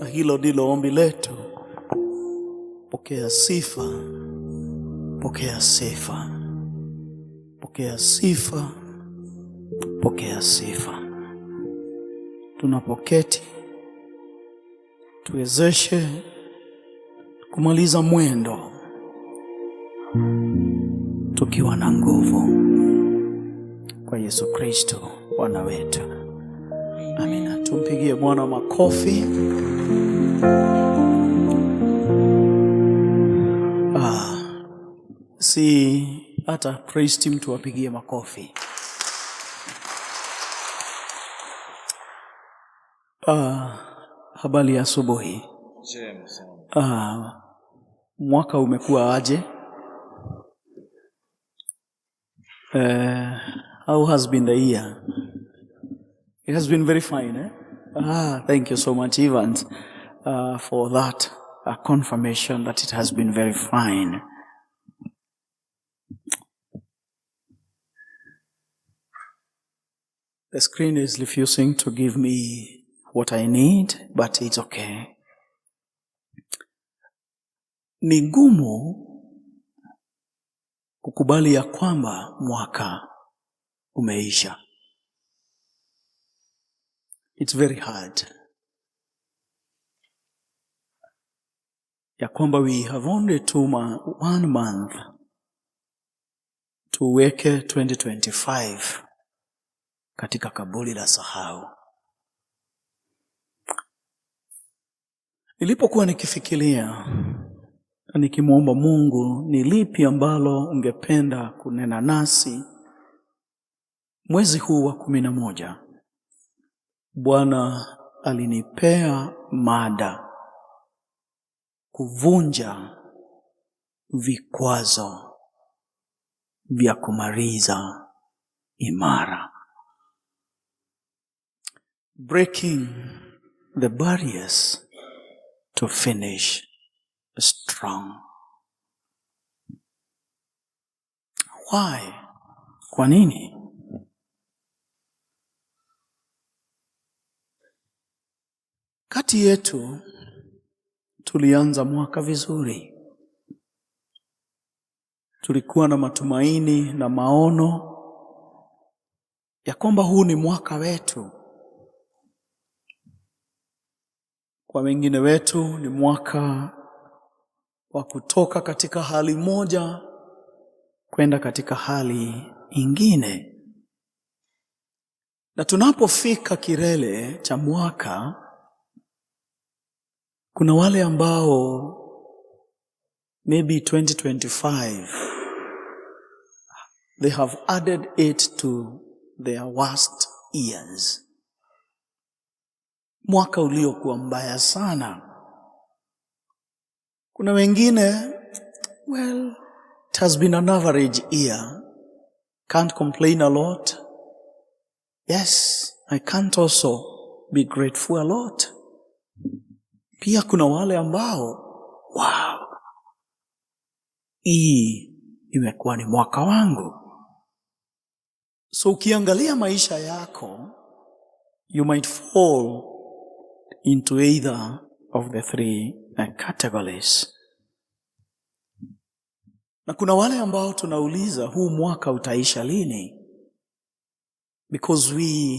na hilo ndilo ombi letu. Pokea sifa, pokea sifa, pokea sifa, pokea sifa. Tunapoketi tuwezeshe kumaliza mwendo tukiwa na nguvu kwa Yesu Kristo Bwana wetu. Amina, tumpigie Bwana makofi. Ah, si hata praise mtu apigie makofi. Ah, habari ya asubuhi. Ah, mwaka umekuwa aje? Eh, how has been the year? It has been very fine. Eh? Ah, thank you so much, Evans, uh, for that uh, confirmation that it has been very fine. The screen is refusing to give me what I need, but it's okay. Ni gumu kukubali ya kwamba mwaka umeisha. It's very hard. Ya kwamba we have only two ma one month tuweke 2025 katika kaburi la sahau. Nilipokuwa nikifikiria nikimwomba Mungu ni lipi ambalo ungependa kunena nasi mwezi huu wa kumi na moja Bwana alinipea mada kuvunja vikwazo vya kumaliza imara, breaking the barriers to finish strong. Why? Kwa nini? Kati yetu tulianza mwaka vizuri, tulikuwa na matumaini na maono ya kwamba huu ni mwaka wetu. Kwa wengine wetu ni mwaka wa kutoka katika hali moja kwenda katika hali ingine, na tunapofika kilele cha mwaka kuna wale ambao maybe 2025 they have added it to their worst years. Mwaka uliokuwa mbaya sana. Kuna wengine well, it has been an average year. Can't complain a lot. Yes, I can't also be grateful a lot. Pia kuna wale ambao wow, hii imekuwa ni mwaka wangu. So ukiangalia maisha yako, you might fall into either of the three categories. Na kuna wale ambao tunauliza huu mwaka utaisha lini, because we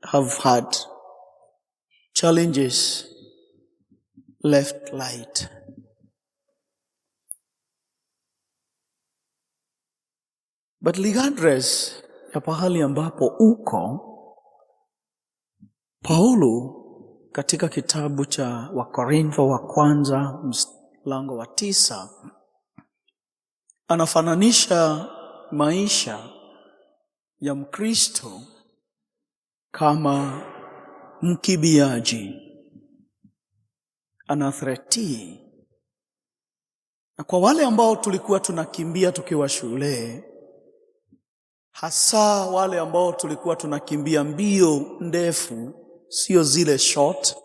have had challenges left light. But regardless ya pahali ambapo uko, Paulo katika kitabu cha Wakorintho wa kwanza mlango wa tisa anafananisha maisha ya Mkristo kama mkibiaji anathreti. Na kwa wale ambao tulikuwa tunakimbia tukiwa shule, hasa wale ambao tulikuwa tunakimbia mbio ndefu, sio zile short,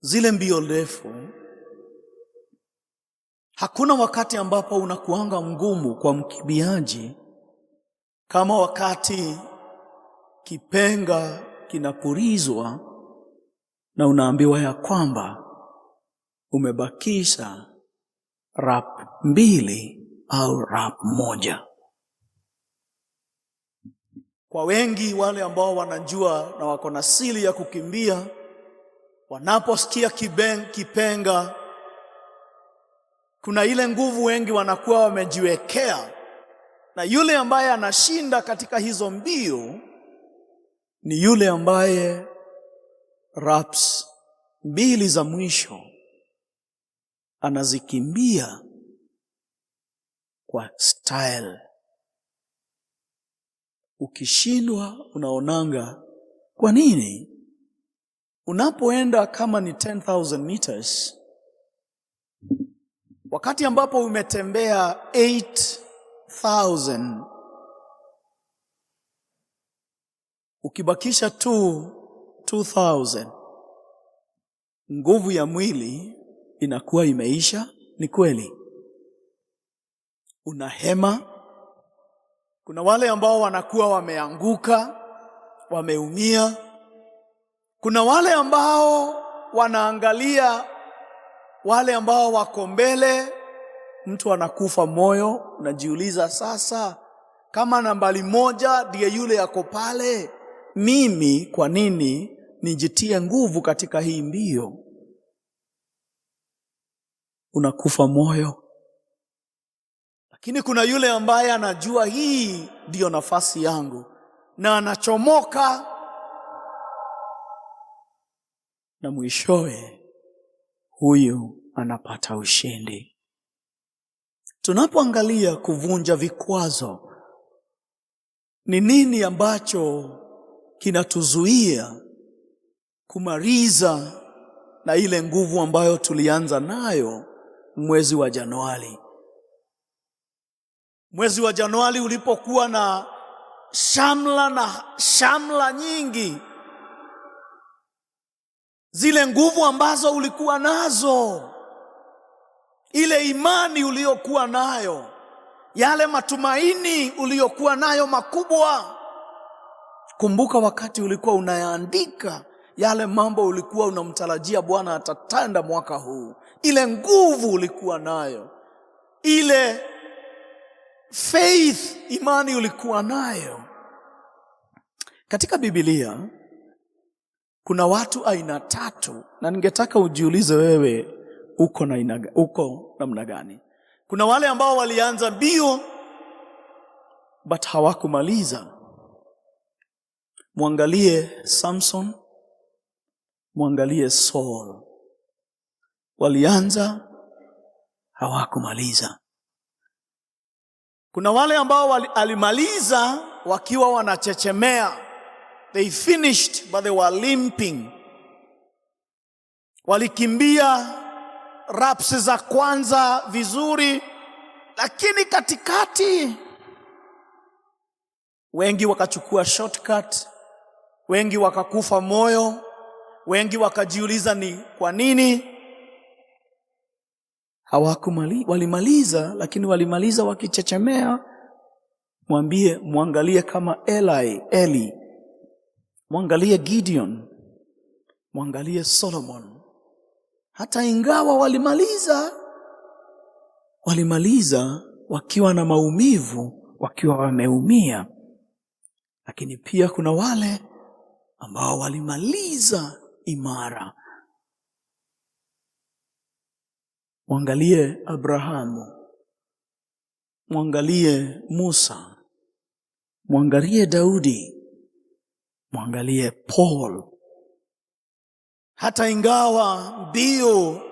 zile mbio ndefu, hakuna wakati ambapo unakuanga mgumu kwa mkimbiaji kama wakati kipenga kinapulizwa na unaambiwa ya kwamba umebakisha rap mbili au rap moja. Kwa wengi wale ambao wanajua na wako na siri ya kukimbia, wanaposikia kibeng, kipenga, kuna ile nguvu wengi wanakuwa wamejiwekea, na yule ambaye anashinda katika hizo mbio ni yule ambaye raps mbili za mwisho anazikimbia kwa style. Ukishindwa unaonanga kwa nini? Unapoenda kama ni 10,000 meters, wakati ambapo umetembea 8,000 ukibakisha tu 2000 nguvu ya mwili inakuwa imeisha. Ni kweli, unahema. Kuna wale ambao wanakuwa wameanguka, wameumia. Kuna wale ambao wanaangalia wale ambao wako mbele, mtu anakufa moyo, unajiuliza sasa, kama nambari moja ndiye yule yako pale, mimi kwa nini nijitie nguvu katika hii mbio. Unakufa moyo. Lakini kuna yule ambaye anajua hii ndiyo nafasi yangu, na anachomoka, na mwishowe huyu anapata ushindi. Tunapoangalia kuvunja vikwazo, ni nini ambacho kinatuzuia kumaliza na ile nguvu ambayo tulianza nayo mwezi wa Januari. Mwezi wa Januari ulipokuwa na shamla na shamla nyingi, zile nguvu ambazo ulikuwa nazo, ile imani uliyokuwa nayo, yale matumaini uliyokuwa nayo makubwa, kumbuka wakati ulikuwa unayaandika yale mambo ulikuwa unamtarajia Bwana atatanda mwaka huu, ile nguvu ulikuwa nayo, ile faith, imani ulikuwa nayo. Katika Biblia kuna watu aina tatu, na ningetaka ujiulize wewe uko na ina, uko namna gani? Kuna wale ambao walianza mbio but hawakumaliza. Mwangalie Samson mwangalie Saul. Walianza hawakumaliza. Kuna wale ambao wali, alimaliza wakiwa wanachechemea. They finished but they were limping. Walikimbia raps za kwanza vizuri, lakini katikati wengi wakachukua shortcut, wengi wakakufa moyo Wengi wakajiuliza ni kwa nini hawakumali, walimaliza lakini walimaliza wakichechemea. Mwambie, mwangalie kama Eli, Eli, mwangalie Gideon, mwangalie Solomon. Hata ingawa walimaliza, walimaliza wakiwa na maumivu, wakiwa wameumia, lakini pia kuna wale ambao walimaliza imara. Mwangalie Abrahamu, mwangalie Musa, mwangalie Daudi, mwangalie Paul. Hata ingawa mbio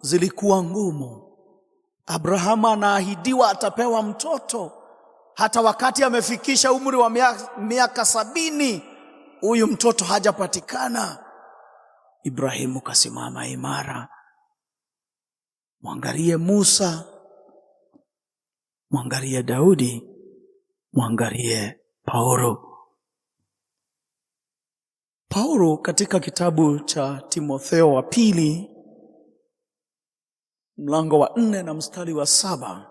zilikuwa ngumu, Abrahamu anaahidiwa atapewa mtoto. Hata wakati amefikisha umri wa miaka sabini, huyu mtoto hajapatikana. Ibrahimu kasimama imara. Mwangalie Musa, mwangalie Daudi, mwangalie Paulo. Paulo katika kitabu cha Timotheo wa pili mlango wa nne na mstari wa saba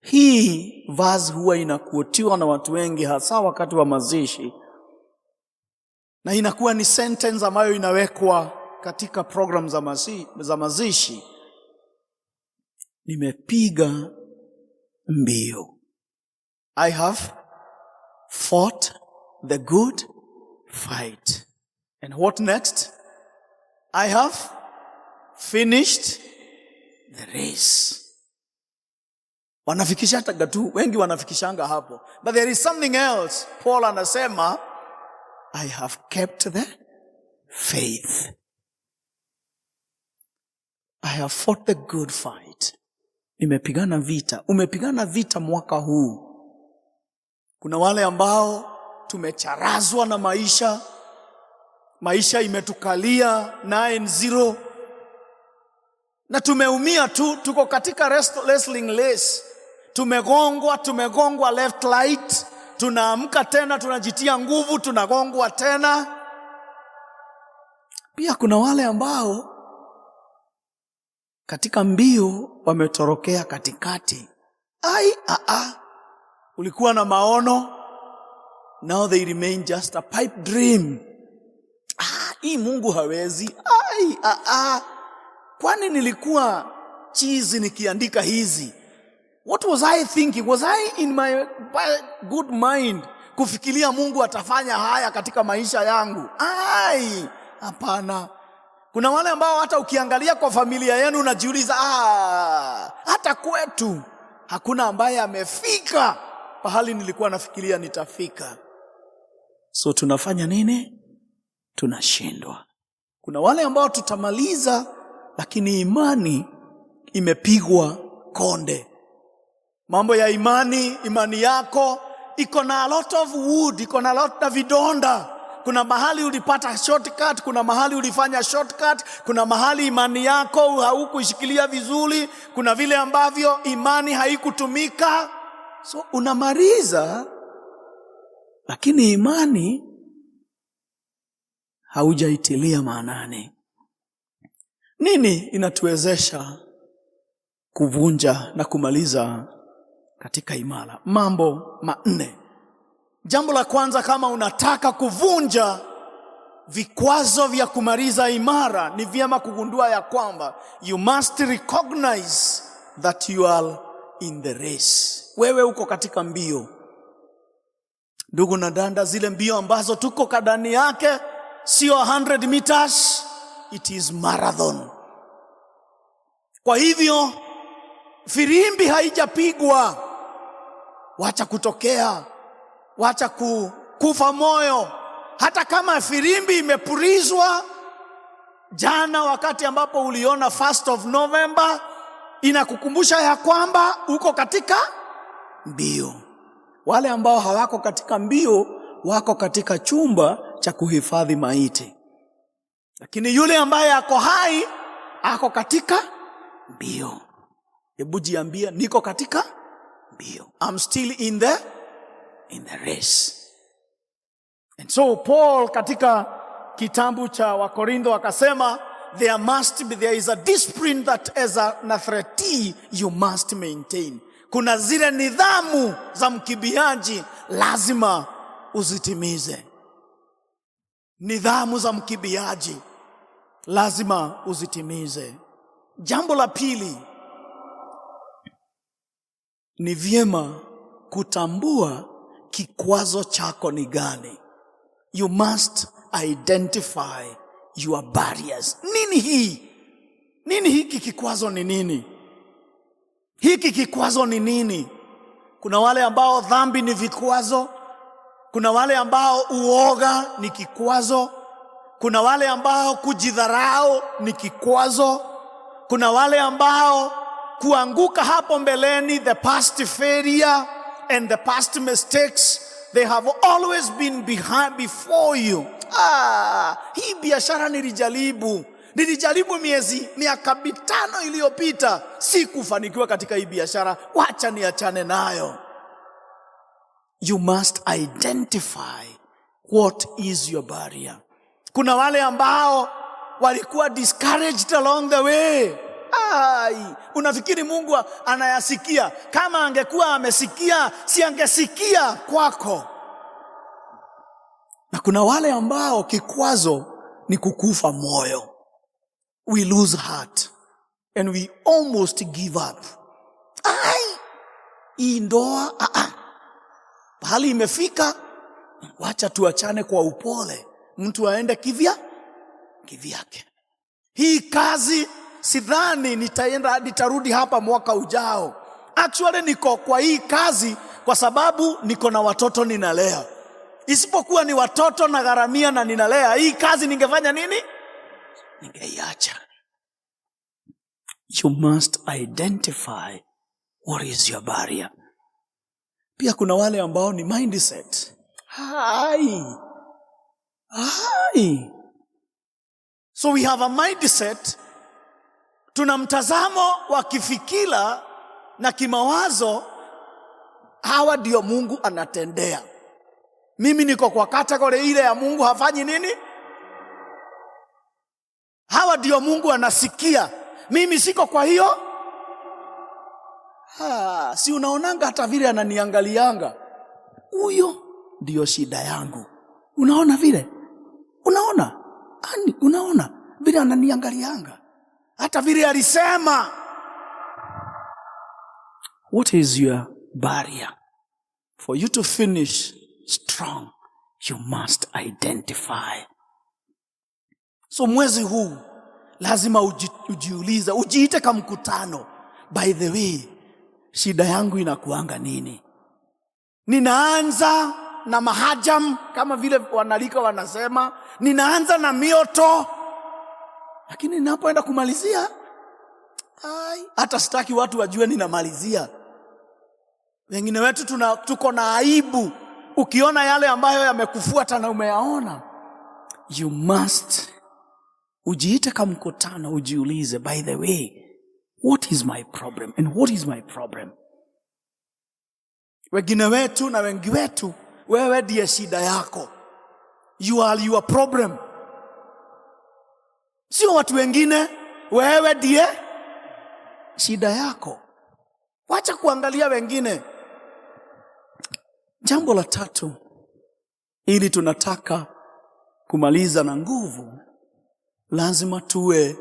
hii vazi huwa inakuotiwa na watu wengi, hasa wakati wa mazishi na inakuwa ni sentence ambayo inawekwa katika program za, mazi, za mazishi. Nimepiga mbio, I have fought the good fight. And what next? I have finished the race. Wanafikisha hata gatu wengi wanafikishanga hapo, but there is something else Paul anasema I have kept the faith. I have fought the good fight. Nimepigana vita. Umepigana vita mwaka huu. Kuna wale ambao tumecharazwa na maisha, maisha imetukalia 9 na tumeumia tu, tuko katika wrestling race, tumegongwa, tumegongwa left right tunaamka tena, tunajitia nguvu, tunagongwa tena. Pia kuna wale ambao katika mbio wametorokea katikati. Ai, a, ulikuwa na maono, now they remain just a pipe dream. Ah, hii Mungu hawezi. Ai, a, kwani nilikuwa chizi nikiandika hizi What was I thinking? Was I in my good mind kufikiria Mungu atafanya haya katika maisha yangu? Ai, hapana. Kuna wale ambao hata ukiangalia kwa familia yenu unajiuliza, ah, hata kwetu hakuna ambaye amefika pahali nilikuwa nafikiria nitafika. So tunafanya nini? Tunashindwa. Kuna wale ambao tutamaliza, lakini imani imepigwa konde. Mambo ya imani, imani yako iko na a lot of wood, iko na lot na vidonda. Kuna mahali ulipata shortcut, kuna mahali ulifanya shortcut, kuna mahali imani yako haukuishikilia vizuri, kuna vile ambavyo imani haikutumika. So unamaliza, lakini imani haujaitilia maanani. Nini inatuwezesha kuvunja na kumaliza katika imara. Mambo manne. Jambo la kwanza, kama unataka kuvunja vikwazo vya kumaliza imara, ni vyema kugundua ya kwamba you must recognize that you are in the race. Wewe uko katika mbio, ndugu na danda, zile mbio ambazo tuko kadani yake sio 100 meters, it is marathon. Kwa hivyo firimbi haijapigwa wacha kutokea, wacha kufa moyo. Hata kama firimbi imepulizwa jana, wakati ambapo uliona first of November, inakukumbusha ya kwamba uko katika mbio. Wale ambao hawako katika mbio wako katika chumba cha kuhifadhi maiti, lakini yule ambaye ako hai ako katika mbio. Hebu jiambia, niko katika mbio. I'm still in the, in the race. And so Paul katika kitabu cha Wakorintho akasema there must be, there is a discipline that as a nathreti you must maintain. Kuna zile nidhamu za mkibiaji lazima uzitimize. Nidhamu za mkibiaji lazima uzitimize. Jambo la pili ni vyema kutambua kikwazo chako ni gani. You must identify your barriers. Nini hii? Nini hiki kikwazo ni nini? Hiki kikwazo ni nini? Kuna wale ambao dhambi ni vikwazo. Kuna wale ambao uoga ni kikwazo. Kuna wale ambao kujidharau ni kikwazo. Kuna wale ambao kuanguka hapo mbeleni, the past failure and the past mistakes they have always been behind before you. Ah, hii biashara nilijaribu, nilijaribu miezi miaka mitano iliyopita, sikufanikiwa katika hii biashara, wacha niachane nayo. You must identify what is your barrier. Kuna wale ambao walikuwa discouraged along the way Ai, unafikiri Mungu anayasikia? Kama angekuwa amesikia, si angesikia kwako. Na kuna wale ambao kikwazo ni kukufa moyo, we lose heart and we almost give up. Ai, hii ndoa aa, ah, ah. pahali imefika, wacha tuachane kwa upole, mtu aende kivya kivyake, hii kazi sidhani nitaenda nitarudi hapa mwaka ujao. Actually niko kwa hii kazi kwa sababu niko na watoto ninalea. Isipokuwa ni watoto na gharamia na ninalea, hii kazi ningefanya nini? Ningeiacha. You must identify what is your barrier. Pia kuna wale ambao ni mindset. Hai. Hai. So we have a mindset tuna mtazamo wa kifikira na kimawazo, hawa ndio Mungu anatendea. Mimi niko kwa kategori ile ya Mungu hafanyi nini. Hawa ndio Mungu anasikia, mimi siko kwa hiyo. Ha, si unaonanga hata vile ananiangalianga, huyo ndio shida yangu. Unaona vile, unaona ani, unaona vile ananiangalianga hata vile alisema. What is your barrier? For you to finish strong, you must identify. So mwezi huu lazima uji, ujiuliza ujiite kamkutano mkutano. By the way, shida yangu inakuanga nini? Ninaanza na mahajam kama vile wanalika wanasema, ninaanza na mioto lakini ninapoenda kumalizia ai, hata sitaki watu wajue ninamalizia. Wengine wetu tuna, tuko na aibu. Ukiona yale ambayo yamekufuata na umeyaona, you must ujiite kama ujiulize, by the way what is my problem and what is my problem. Wengine wetu na wengi wetu, wewe ndiye shida yako, you are your problem sio watu wengine. Wewe ndiye shida yako, wacha kuangalia wengine. Jambo la tatu, ili tunataka kumaliza na nguvu, lazima tuwe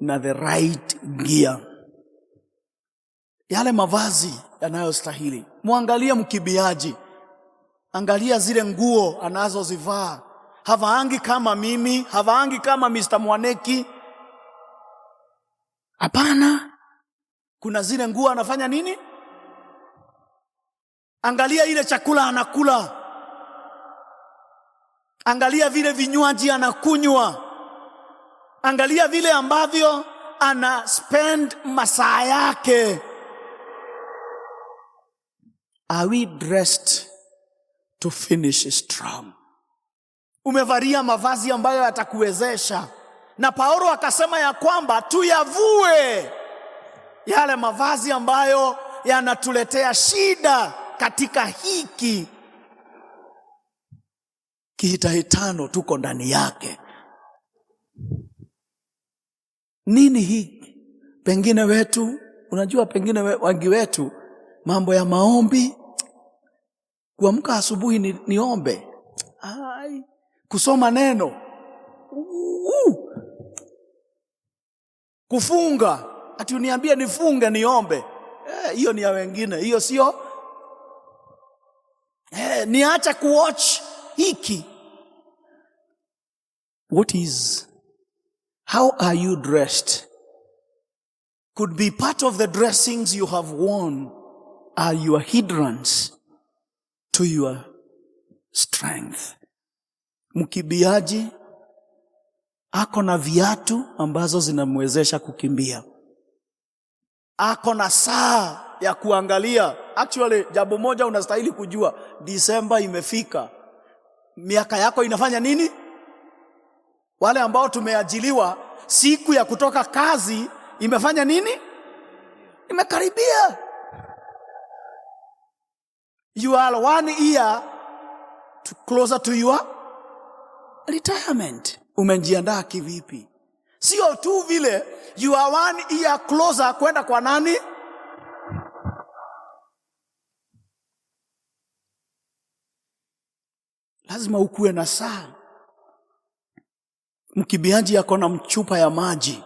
na the right gear, yale mavazi yanayostahili. Mwangalie mkibiaji, angalia zile nguo anazozivaa havaangi kama mimi, havaangi kama Mr. Mwaneki. Hapana, kuna zile nguo anafanya nini? Angalia ile chakula anakula, angalia vile vinywaji anakunywa, angalia vile ambavyo ana spend masaa yake. Are we dressed to finish strong? umevalia mavazi ambayo yatakuwezesha. Na Paulo akasema ya kwamba tuyavue yale mavazi ambayo yanatuletea shida katika hiki kihitahitano tuko ndani yake. Nini hiki? Pengine wetu, unajua, pengine wengi wetu mambo ya maombi, kuamka asubuhi ni, niombe ai kusoma neno kufunga, ati uniambie nifunge niombe. Eh, hiyo eh, ni ya wengine hiyo, sio eh, niacha kuwatch hiki. What is how are you dressed could be part of the dressings you have worn are your hindrance to your strength. Mkimbiaji ako na viatu ambazo zinamwezesha kukimbia, ako na saa ya kuangalia. Actually, jambo moja unastahili kujua, Disemba imefika, miaka yako inafanya nini? Wale ambao tumeajiliwa, siku ya kutoka kazi imefanya nini? Imekaribia. You are one year to closer to your retirement. Umejiandaa kivipi? Sio tu vile you are one year closer kwenda kwa nani? Lazima ukuwe na saa. Mkibiaji yako na mchupa ya maji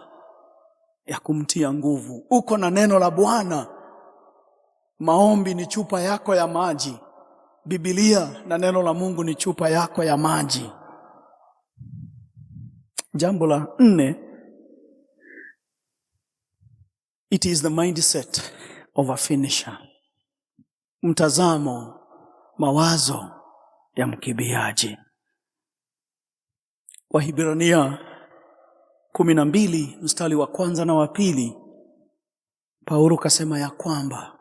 ya kumtia nguvu, uko na neno la Bwana. Maombi ni chupa yako ya maji, Biblia na neno la Mungu ni chupa yako ya maji. Jambo la nne, it is the mindset of a finisher, mtazamo, mawazo ya mkibiaji. Wahibrania kumi na mbili mstari wa kwanza na wa pili, Paulo kasema ya kwamba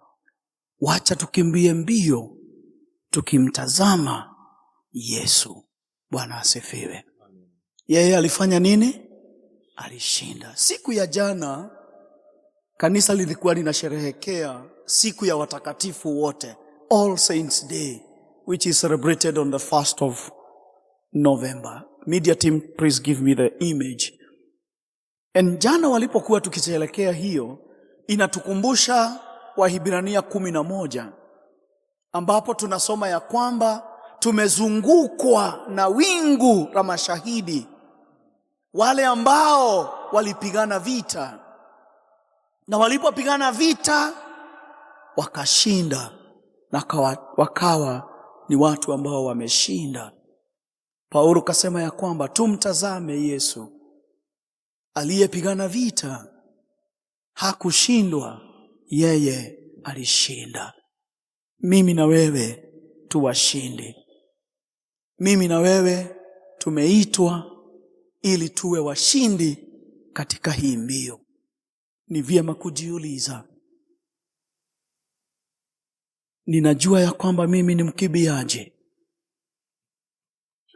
wacha tukimbie mbio tukimtazama Yesu. Bwana asifiwe yeye alifanya nini? Alishinda. Siku ya jana kanisa lilikuwa linasherehekea siku ya watakatifu wote, All Saints Day which is celebrated on the first of November. Media team, please give me the image. And jana walipokuwa tukisherehekea hiyo, inatukumbusha Wahibrania kumi na moja ambapo tunasoma ya kwamba tumezungukwa na wingu la mashahidi wale ambao walipigana vita na walipopigana vita wakashinda na kawa, wakawa ni watu ambao wameshinda. Paulo kasema ya kwamba tumtazame Yesu aliyepigana vita, hakushindwa yeye alishinda. Mimi na wewe tuwashinde. Mimi na wewe tumeitwa ili tuwe washindi katika hii mbio. Ni vyema kujiuliza, ninajua ya kwamba mimi ni mkimbiaji,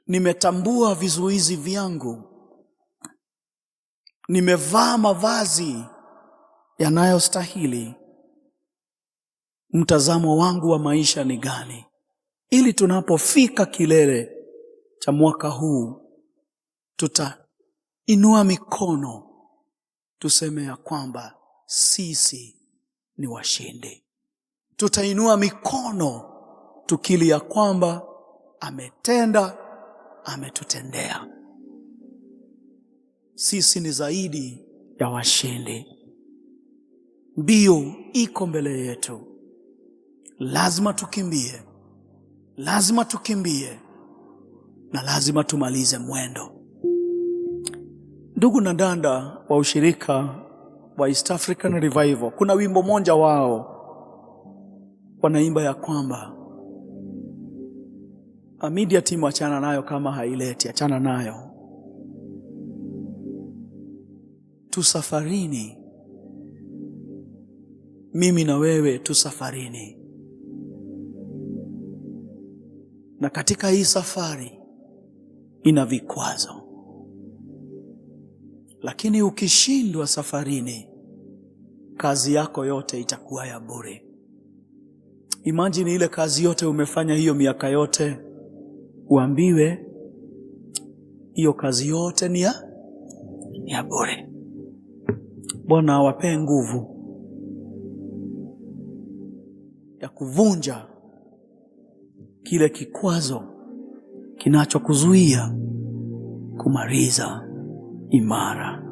nimetambua vizuizi vyangu, nimevaa mavazi yanayostahili, mtazamo wangu wa maisha ni gani, ili tunapofika kilele cha mwaka huu tuta inua mikono tuseme ya kwamba sisi ni washindi. Tutainua mikono tukili ya kwamba ametenda, ametutendea. Sisi ni zaidi ya washindi. Mbio iko mbele yetu, lazima tukimbie, lazima tukimbie na lazima tumalize mwendo. Ndugu na danda wa ushirika wa East African Revival, kuna wimbo moja wao wanaimba ya kwamba media team, achana nayo kama haileti, achana nayo, tusafarini, mimi na wewe tusafarini, na katika hii safari ina vikwazo lakini ukishindwa safarini, kazi yako yote itakuwa ya bure. Imajini ile kazi yote umefanya hiyo miaka yote, uambiwe hiyo kazi yote ni ya ya bure. Bwana awapee nguvu ya kuvunja kile kikwazo kinachokuzuia kumaliza e Mara.